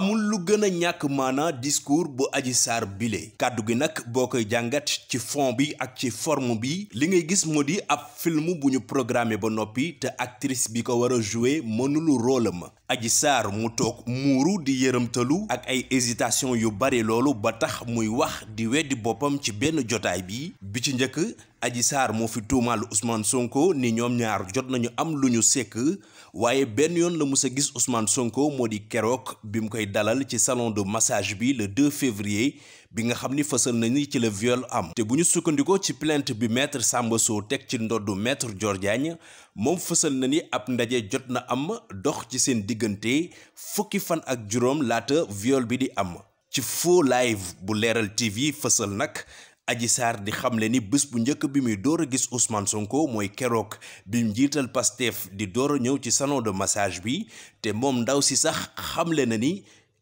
amul lu gën a ñàkk maanaa discours bu aji Sarr bile kàddu gi nag boo koy jàngat ci fond bi ak ci forme bi li ngay gis moo di ab film bu ñu programmé ba noppi te actrice bi ko war a joué mënulu rôle ma aji Sarr mu toog muuru di yërëmtalu ak ay hésitation yu bare loolu ba tax muy wax di weddi boppam ci benn jotaay bi bi ci njëkk Adji Sarr moo fi tuumaalu Ousmane Sonko ni ñoom ñaar jot nañu am lu ñu sekk waaye benn yoon la mus gis Ousmane Sonko moo di keroog bi mu koy dalal ci salon de massage bi le 2 février bi nga xam ni na nañu ci la viol am. te bu ñu sukkandikoo ci plainte bi metre sàmba soo teg ci ndoddu maître Dior Diagne moom fësal na ni ab ndaje jot na am dox ci seen diggante fukki fan ak juróom laata viole bi di am. ci faux live bu leeral TV fësal nag. aji Sarr di xamle ni bés bu njëkk bi muy door a gis Ousmane Sonko mooy keroog bi mu jiital Pastef di door a ñëw ci salon de massage bi te moom ndaw si sax xamle na ni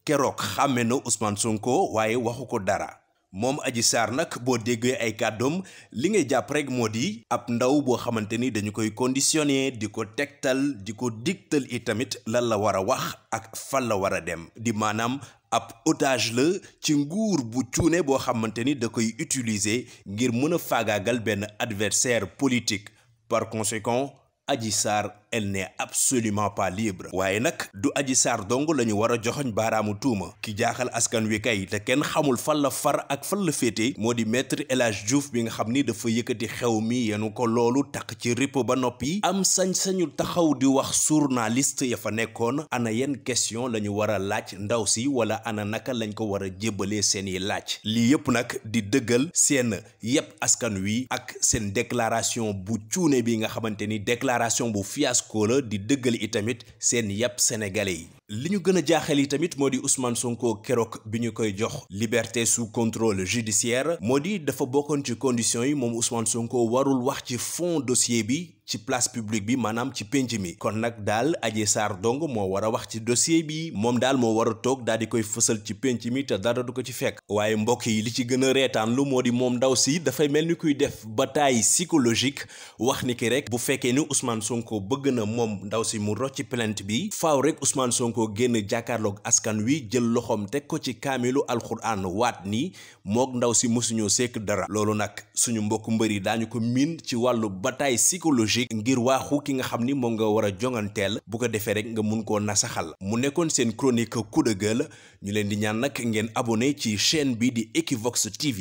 keroog xàmme na Ousmane Sonko waaye waxu ko dara. moom aji Sarr nag boo déggee ay kàddoom li ngay jàpp rek moo di ab ndaw boo xamante ni dañu koy conditionné di ko tegtal di ko digtal itamit lan la war a wax ak fan la war a dem di maanaam ab otage la ci nguur bu cuune boo xamante ni da koy utiliser ngir mën a faagaagal benn adversaire politique par conséquent aji Sarr elle n'est absolument pas libre waaye nag du aji saar dong la ñu war a joxoñ baaraamu tuuma ki jaaxal askan wi kay te kenn xamul fan la far ak fan la féete moo di mettre El Hadj bi nga xam ni dafa yëkkati xew mi yenu ko loolu takk ci ripp ba noppi am sañ sañul taxaw di wax journaliste ya fa nekkoon ana yenn question la ñu war a laaj ndaw si wala ana naka lañ ko war a jébbalee seeni laaj lii yëpp nag di dëggal seen yëpp askan wi ak seen déclaration bu cuune bi nga xamante ni déclaration bu fias Elias di dëggal itamit seen yàpp sénégalais yi li ñu gën a jaaxal yi tamit moo di Ousmane sonkoo keroog bi ñu koy jox liberté sous contrôle judiciaire moo di dafa bokkoon ci conditions yi moom Ousmane Sonko warul wax ci fond dossier bi ci place publique bi maanaam ci pénc mi kon nag daal Adji Sarr dong moo war a wax ci dossier bi moom daal moo war a toog daal di koy fësal ci pénc mi te dara du ko ci fekk waaye mbokk yi li ci gën a reetaan lu moo di moom ndaw si dafay mel ni kuy def bataille psychologique wax ni ki rek bu fekkee ni Ousmane Sonko bëgg na moom ndaw si mu rocci plainte bi faaw rek Ousmane Sonko génn jàkkaarloog askan wi jël loxoom teg ko ci kaamilu alxuraan waat ni moog ndaw si mësuñoo sekk dara loolu nag suñu mbokk mbër yi daañu ko miin ci wàllu bataille psychologique ngir waaxu ki nga xam ni moom nga war a jonganteel bu ko defee rek nga mun koo nasaxal mu nekkoon seen chronique coup de gueule ñu leen di ñaan nag ngeen abonné ci chaine bi di Equivox TV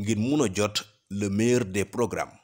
ngir mun a jot le meilleur des programmes